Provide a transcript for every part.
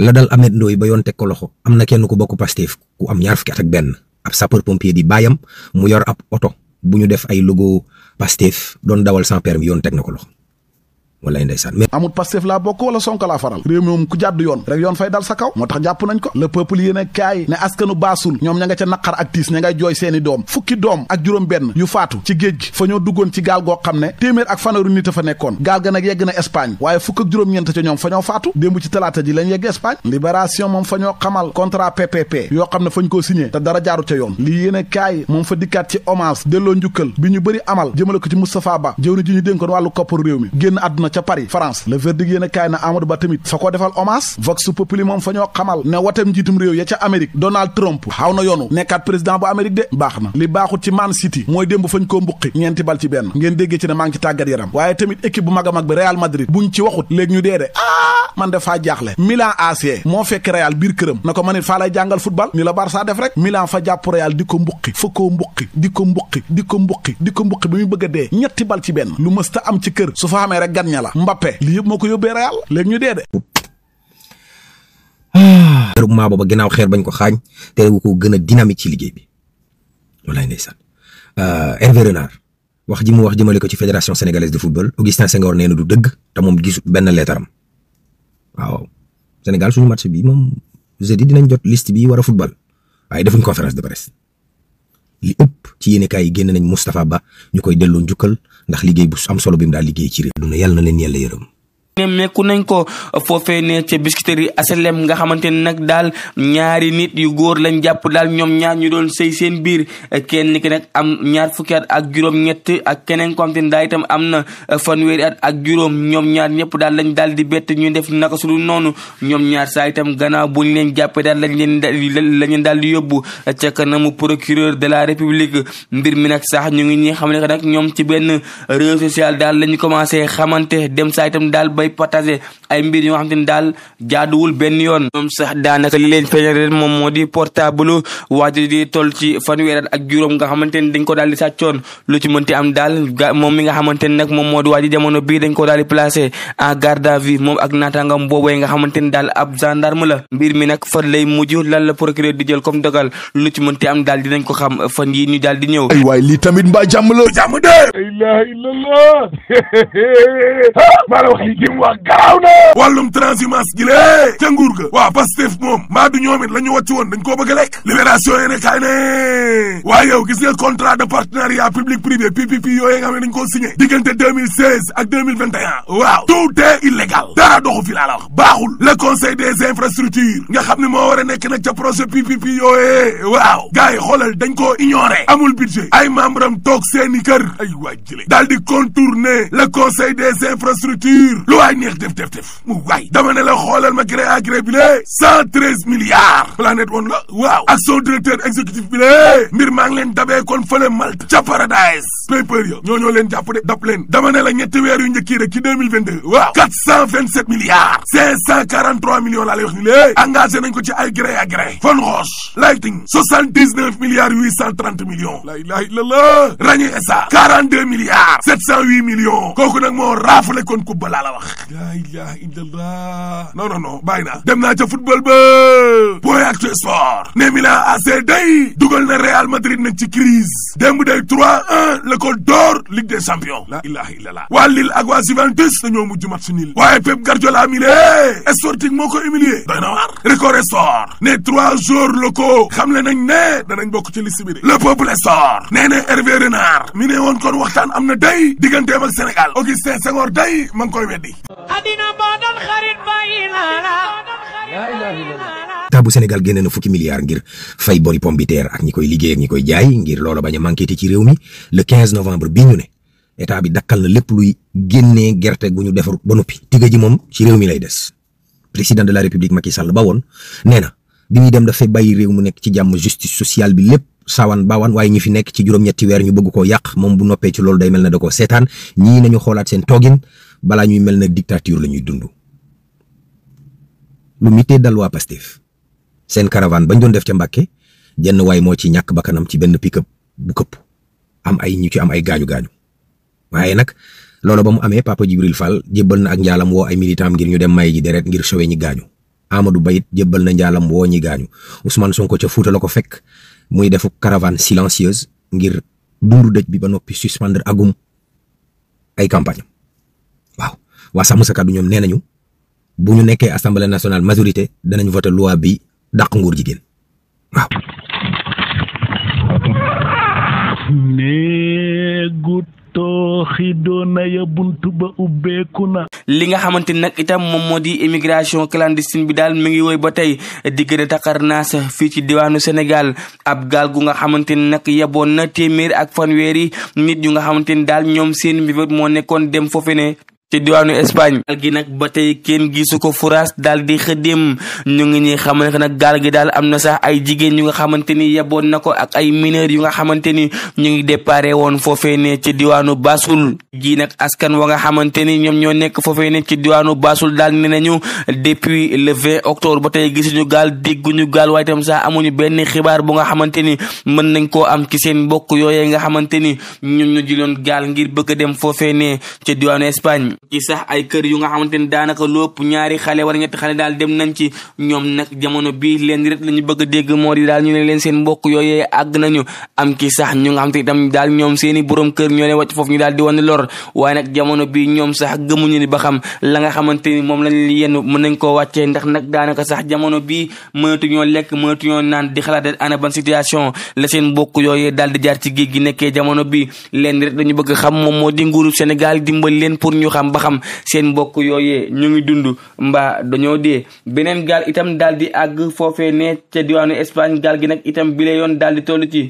la dal Ameth Ndoye ba yoon teg ko loxo am na kenn ku bokk Pastef ku am ñaar fukki at ak benn ab sapeur pompier di baayam mu yor ab oto bu ñu def ay logo Pastef doon dawal sans permis yoon teg na ko loxo. walaay ndeysaan mais amut Pastef laa bokk wala Sonko laa faral réew mi moom ku jàdd yoon rek yoon fay dal sa kaw moo tax jàpp nañ ko le peuple yéen a kaay ne askanu baasul ñoom ña nga ca naqar ak tiis ña jooy seeni doom fukki doom ak juróom benn yu faatu ci géej gi fa ñoo duggoon ci gaal goo xam ne téeméer ak fanweeri nit a fa nekkoon gaal ga nag yegg na Espagne waaye fukk ak juróom-ñeent ca ñoom fa ñoo faatu démb ci talaata ji lañ yegg Espagne libération moom ñoo xamal contrat PPP yoo xam ne fañ koo signé te dara jaaru ca yoon lii yéen kaay moom fa dikkaat ci hommage delloo njukkal bi ñu bëri amal jëmale ko ci Moustapha Ba jëwri ji ñu dénkoon wàllu kopparu réew mi génn àdduna ca Paris France le verdict tamit fa ko defal hommage Vox Populi moom fa ñoo xamal ne watem njiitum réew ya ca Amérique Donald Trump xaw na yoonu nekkaat président bu Amérique de baax na li baaxut ci Man City mooy démb fañ koo mbuqi ñeenti bal ci benn ngeen déggee ci ne maa ngi ci tàggat yaram waaye tamit équipe bu mag a mag bi Real Madrid buñ ci waxut léegi ñu dee de ah man dafaa jaaxle Milan AC moo fekke Real biir këram na ko man it faa lay jàngal football ni la Barça def rek Milan fa jàpp Real di ko mbuqi fa koo di ko mbuqi di ko mbuqi di ko mbuqi bi muy bëgg dee ñetti bal ci benn lu mësta am ci kër su fa xamee rek gan ña Sañala Mbappé lii moo ko yóbbee Real léegi ñu dee de. regroupement booba ginnaaw xeer bañ ko xaañ te wu ko gën a ci liggéey bi wallaay ndeysaan euh, Hervé Renard wax ji mu wax jëmale ko ci fédération sénégalaise de football Augustin Senghor nee na du dëgg te moom gisul benn leetaram waaw Sénégal match bi moom jeudi dinañ jot list bi war a football waaye defuñ conférence de presse ci yéenekaay yi génn nañ Moustapha Ba ñu koy delloo njukal ndax liggéey bu am solo bi mu daal liggéey ci réew. duna yàlla na leen yàlla nemmeeku nañ ko foofee ne ca aselem nga xamante nag daal ñaari nit yu góor lañ jàpp daal ñoom ñaar ñu doon sëy seen biir kenn ki nag am ñaar fukki ak juróom-ñett ak keneen ko xamante ne daal itam am na fanweeri at ak juróom ñoom ñaar ñëpp daal lañ daal di bett ñu def naka su noonu ñoom ñaar saa itam ganaaw bu ñu leen jàppee daal lañ leen lañu daal di yóbbu ca kanamu procureur de la république mbir mi nag sax ñu ngi ñi xam ne nag ñoom ci benn réseau social daal lañu commencé xamante dem saa itam daal potager ay mbir yoo xam te ne daal jaaduwul benn yoon moom sax daanaka li leen feeñal ren moom moo di portable waaji di toll ci fanweer ak juróom nga xamante ni dañ ko daal di sàccoon lu ci mënti am daal moom mi nga xamante ni nag moom moo di waaji jamono bii dañ ko daal di placé en garde à vue moom ak naataangam yi nga xamante ni daal ab gendarme la mbir mi nag fan lay mujj lan la procureur di jël comme dogal lu ci mënti am daal dinañ ko xam fan yi ñu daal di ñëw ay waay lii tamit mbaa jàmm la jàmm de wax garaaw na wàllum transhumance gi lée ca nguur ga waaw Pastef moom mbaa du ñoom it la ñu wàcc woon dañ koo bëgg a lekk libération yéene kaay ne waaye yow gis nga contrat de partenariat public privé PPP yooyu nga xam dañ koo signé diggante 2016 ak 2021 waaw tout est illégal dara doxu fi laa wax baaxul le conseil des infrastructures nga xam ne moo war a nekk na ca projet PPP yooyee waaw gars yi xoolal dañ koo ignoré amul budget ay membre am toog kër ay waaj jële daal di contourner le conseil des infrastructures waay neex def def def mu waay dama xoolal ma gré à gré cent treize milliards planète woon la waaw ak son directeur exécutif bi lée mbir maa ngi leen dabee kon fële Malte ca Paradise paper ya ñoo ñoo leen jàpp de dab leen dama ne la ñetti weer yu njëkkii rek ci 2022 waaw quatre cent vingt sept milliards cinq cent quarante trois millions nañ ko ci ay gré à gré Von Roche Lighting soixante dix neuf milliards huit cent trente millions la ilaha illallah Ragné laa ilaha illallah non non non bàyyi naa dem naa ca football ba booy actu sport ne Milan AC day dugal na Real Madrid nag ci crise démb day 3-1 la ko door Ligue des champions laa ilaha illallah waa Lille ak waa Juventus dañoo mujj match nil waaye Pep Guardiola mi le Sporting moo ko humilié doy na waar Record Sport ne trois jours la ko xamle nañ ne danañ bokk ci liste bi de le peuple sport nee na Hervé Renard mi ne woon waxtaan am na day digganteem ak Sénégal Augustin Senghor day ma ngi koy weddi adina badal xarit bàyyi naa la Sénégal génne na fukki milliards ngir fay bori pomme de terre ak ñi koy liggéey ak ñi koy jaay ngir loolo bañ a manqué ci réew mi le 15 novembre bi ñu ne état bi dakkal na lépp luy génne gerte gu ñu defar ba noppi. tigga ji moom ci réew mi lay des président de la république Macky Sall ba woon nee na bi muy dem dafay bay réew mu nekk ci jàmm justice sociale bi lépp. saawan bawan waaye ñi fi nekk ci juróom-ñetti weer ñu bëgg ko yàq moom bu noppee ci loolu day mel ne da koo seetaan ñii nañu xoolaat seen toogin balaa ñuy mel ne dictature la ñuy dund lu mitee dal waa Pastef seen caravane bañ doon def ca Mbàkke jenn waay moo ci ñàkk bakkanam ci benn pick bu këpp am ay ñu ci am ay gaañu gaañu waaye nag loolu ba mu amee Papa Djibril Fall jébbal na ak njaalam woo ay militant ngir ñu dem may ji deret ngir sowe ñi gaañu Amadou Bayit jëbbal na njaalam woo ñi gaañu Ousmane ko ca Fuuta ko fekk muy defu caravane silencieuse ngir dundu dëj bi ba noppi suspendre agum ay campagne waa sàmm sa kàddu ñoom nee nañu bu ñu nekkee assemblée nationale majorité danañ voté loi bi dàq nguur jigéen waaw. néegu ya buntu ba ubbeeku na. li nga xamante nag itam moom moo di immigration clandestine bi daal mi ngi woy ba tey di gën a fii ci diwaanu senegal ab gaal gu nga xamante ni nag yeboon na téeméer ak fanweeri nit yu nga xamante ni daal ñoom seen mbir moo nekkoon dem foofe ci diwaanu Espagne gaal gi nag ba tey kenn gisu ko furaas daal di xëddim ñu ngi ñuy xamante nag gaal gi daal am na sax ay jigéen ñu nga xamante ni yeboon na ko ak ay mineurs yu nga xamante ni ñu ngi déparé woon foofee ne ci diwaanu Basul ji nag askan wa nga xamante ni ñoom ñoo nekk foofee ne ci diwaanu baasul daal ne nañu depuis le 20 octobre ba tey gisuñu gaal ñu gaal waaye tam sax amuñu benn xibaar bu nga xamante ni mën nañ koo am ci seen mbokk yooyee nga xamante ni ñoom ñu jëloon gaal ngir bëgg a dem foofee ne ci diwaanu Espagne ci sax ay kër yu nga xamante ni daanaka lépp ñaari xale wala ñetti xale daal dem nañ ci ñoom nag jamono bii leen rek la ñu bëgg a moo di ñu ne seen mbokk yooyee àgg nañu am ci ñu nga xamante itam daal ñoom seeni borom kër ñoo leen wàcc foofu ñu daal di wane lor waaye nag jamono bii ñoom sax gëmuñu ni ba xam la nga xamante ni moom lañ li yenn mën nañ koo wàccee ndax nag daanaka sax jamono bii mënatuñoo lekk mënatuñoo naan di xalaat ana di jaar ci géej gi nekkee jamono bi leen rek lañu bëgg xam moom moo di nguuru Sénégal dimbal leen pour ñu xam xam ba xam seen mbokk yooyee ñu ngi dund mbaa dañoo dee beneen gaal itam daal di àgg foofee ne ca diwaanu Espagne gaal gi nag itam bile yoon daal di toll ci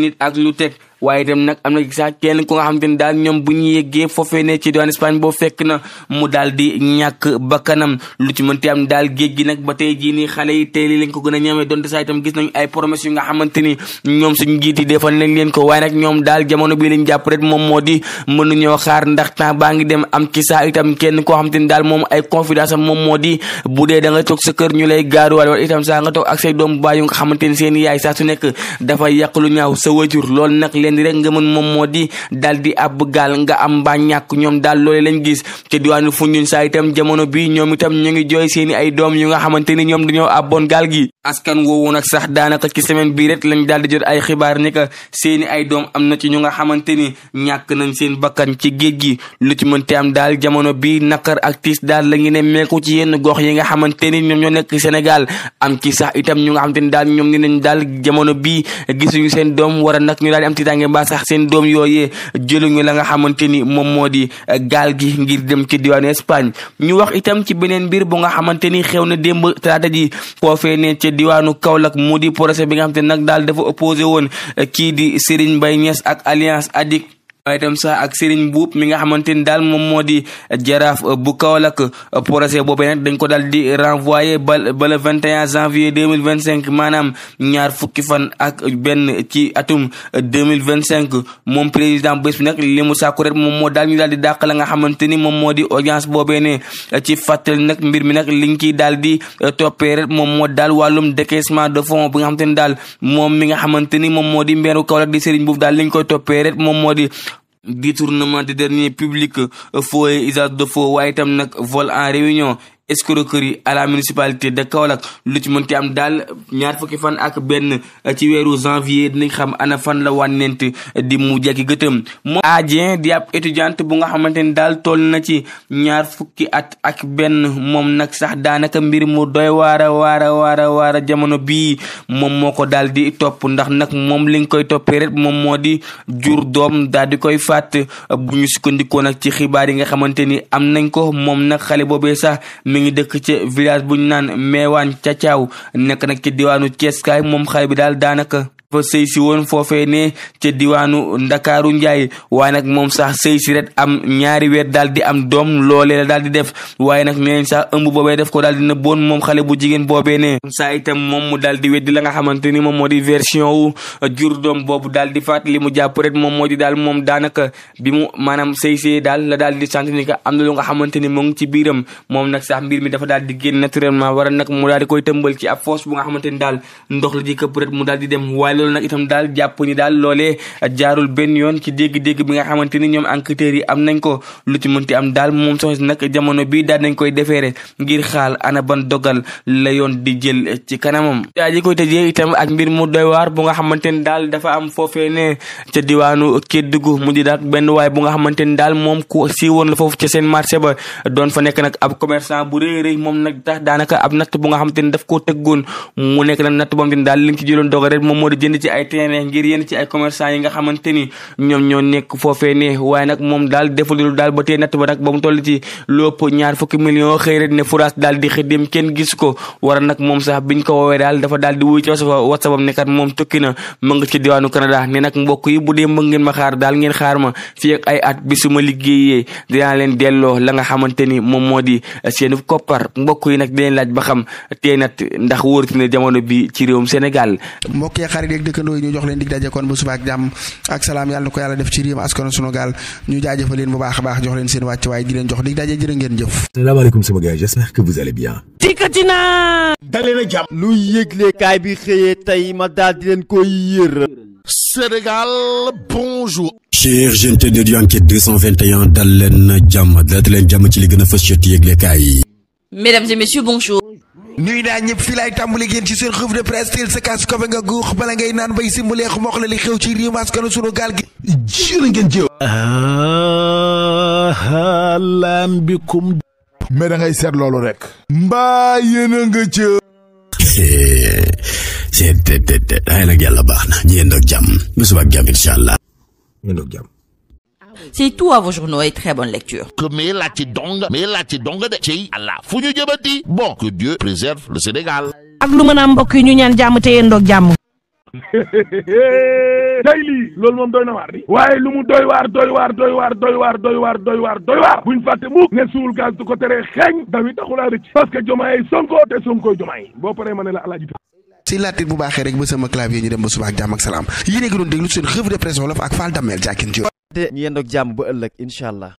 nit ak lu teg waaye itam nag am na sax kenn ku nga xam te ne daal ñoom bu ñu yeggee foofee ne ci doon Espagne boo fekk na mu daal di ñàkk bakkanam lu ci mënti am daal géej gi nag ba tey jii nii xale yi tey lañ ko gën a ñamee donte saa itam gis nañu ay promesses yu nga xamante ni ñoom suñu njiit yi defal nañ leen ko waaye nag ñoom daal jamono bii lañ jàpp rek moom moo di mënuñoo xaar ndax temps baa ngi dem am ci saa itam kenn koo xam te ni daal moom ay confidence am moom moo di bu dee da nga toog sa kër ñu lay gaaruwaal wala itam saa nga toog ak say doom baay yu nga xamante ni seen yaay saa su nekk dafa yàq lu ñaaw sa wajur loolu nag leen rek nga mën moom moo di dal di ab gaal nga am ba ñàkk ñoom daal loole lañ gis te diwaanu saa itam jamono bi ñoom itam ñu ngi jooy seeni ay doom ni ñoom na ci ñu nga xamante ni nañ seen bakkan ci géej gi lu ci mënti am daal jamono bi nakar ak tiis daal la ngi ne meeku ci yenn gox yi nga xamante ni ñoom ñoo nekk Sénégal am ci sax itam ñu nga xamante ni daal ñoom ni nañ daal jamono bi gisuñu seen doom war a nag ñu am tiitaange naataange ba sax seen doom yooyee jëluñu la nga xamante ni moom moo di eh, gaal gi ngir dem ci diwaanu Espagne ñu wax itam ci beneen mbir bu nga xamante ni xew na démb talaata ji foofee ne ca diwaanu Kaolack mu di procès bi nga xamante nag daal dafa opposé woon eh, kii di Serigne Mbaye Niass ak Alliance Adik waaye itam sax ak Serigne Buub mi nga xamante ni daal moom moo di jaraaf euh, bu Kaolack euh, projet boobee nag dañ ko daal di renvoyé ba ba le 21 janvier 2025 maanaam ñaar fukki fan ak benn ci atum 2025 euh, moom président bés bi nag li mu sàkku rek moom moo daal ñu daal di dàq nga xamante ni di audience boobee ne ci fàttali nag mbir mi nag liñ ciy daal di toppee rek moom moo daal wàllum décaissement de fonds bi nga xamante ni daal moom mi nga xamante ni moom moo di mbeeru Kaolack di Serigne Buub daal liñ koy toppee rek moom moo di détournement de deniers publics euh, faux et usage faux waaye itam nag vol en réunion escroquerie à la municipalité de Kaolack lu ci mënti am daal ñaar fukki fan ak benn eh, ci weeru janvier dinañ xam ana fan la wànnent eh, di mu jekki gëtëm moom Adien di ab étudiante bu nga xamante ni daal toll na ci ñaar fukki at ak benn moom nag sax daanaka mbir mu doy waara waara waara waara jamono bii moom moo ko daal di topp ndax nag moom li nga koy toppee rek moom moo di jur doom daal di koy fàtt eh, bu ñu nag ci xibaar yi nga xamante ni am nañ ko moom nag xale boobee sax mi dëkk ca village bu ñu naan meewaan cacaaw nekk nag ci diwaanu Ceeskaay moom xale bi daal daanaka fa sëy si woon foofee ne ca diwaanu ndakaaru njaay waay nag moom sax sëy si ret am ñaari weer daal di am doom loolee la daal di def waaye nag neen sax ëmb boobee def ko daal di nëbboon moom xale bu jigéen boobee ne saa itam moom mu daal di weddi la nga xamante ni moom moo di version wu doom boobu daal di faat li mu jàpp ret moom moo di daal moom daanaka bi mu maanaam sëy see daal la daal di sentir ni que am na lu nga xamante ni moo ngi ci biiram moom nag sax mbir mi dafa daal di génn naturellement waral nag mu daal di koy tëmbal ci ab foos bu nga xamante ni daal ndox la ji këpp mu daal di loolu nag itam daal jàpp ni daal loolee jaarul benn yoon ci dégg-dégg bi nga xamante ni ñoom enquêteurs yi am nañ ko lu ci mënti am daal moom soxna nag jamono bii daal nañ koy defeere ngir xaal ana ban dogal la yoon di jël ci kanamam daa ji koy tëjee itam ak mbir mu doy bu nga xamante ni daal dafa am foofee ne ca diwaanu Kédougou mu di benn waay bu nga xamante ni daal moom ku siiwoon la foofu ca seen marché ba doon fa nekk nag ab commerçant bu rëy moom nag tax daanaka ab natt bu nga xamante ni daf koo tëggoon mu nekk nag natt boo xamante ni jënd ci ay terrain ngir yenn ci ay commerçant yi nga xamante ni ñoom ñoo nekk foofee ne waaye nag moom daal defalul daal ba tey natt ba nag ba mu toll ci lopp ñaar fukki million xëy rek ne fouraas daal di xëdim kenn gis ko war nag moom sax biñ ko woowee daal dafa daal di wuy ci WhatsApp am ne kat moom tukki na mu ngi ci diwaanu Canada ne nag mbokk yi bu dee mën ma xaar daal ngeen xaar ma fii ay at bi su ma liggéeyee dinaa leen delloo la nga xamante ni moom moo di seeni koppar mbokk yi nag dinañ laaj ba xam tey nag ndax wóorati na jamono bi ci réewum Sénégal ak dëkkandoo yi ñu jox leen dig daje kon ba subaa ak jàmm ak salaam yàlla na ko yàlla def ci réew askan sunu gaal ñu jaajëfal leen bu baax a baax jox leen seen wàcc waaye di leen jox dig daje jërë ngeen jëf. salaamaaleykum sama gars j'espère que vous allez bien. tikkatina. dalee na jàmm. lu yëglekaay bi xëyee tey ma daal di leen koy yër. dal leen jàmm dal leen jàmm ci li gën a fës yëglekaay yi. mesdames et messieurs bonjour. nuy naa ñëpp fii laay tàmbali génn ci seen revue de presse teel sa kaas kofe nga guux bala ngay naan bay simbuleex mox la li xew ci réew maskanu sunu gaal gi jërë ngeen jëw laan bikum mais da ngay seet loolu rek mbaa yéen a nga ca seet te te te ay nag yàlla baax na ñu yendoog jàmm bu subaak jàmm incha allah jàmm C'est tout à vos journaux et très bonne lecture. Que mais la ci dong mais la ci dong de ci Allah fu ñu jëmati bon que Dieu préserve le Sénégal. ak lu mën a am mbokk yi ñu ñaan jàmm te yéen doog jàmm. tey lii moom doy na waar di waaye lu mu doy waar doy waar doy waar doy waar doy waar doy waar doy waar buñ fàtte mukk ne suul gaz du ko teree xeeñ dawi taxulaa rëcc parce que jomaay sonko te sonkoy jomaay boo paree ma ne la alaaji si laatit bu baaxee rek ba sama a ngi doon déglu seen revue de presse te ñu yendoog jàmm ba ëllëg incha allah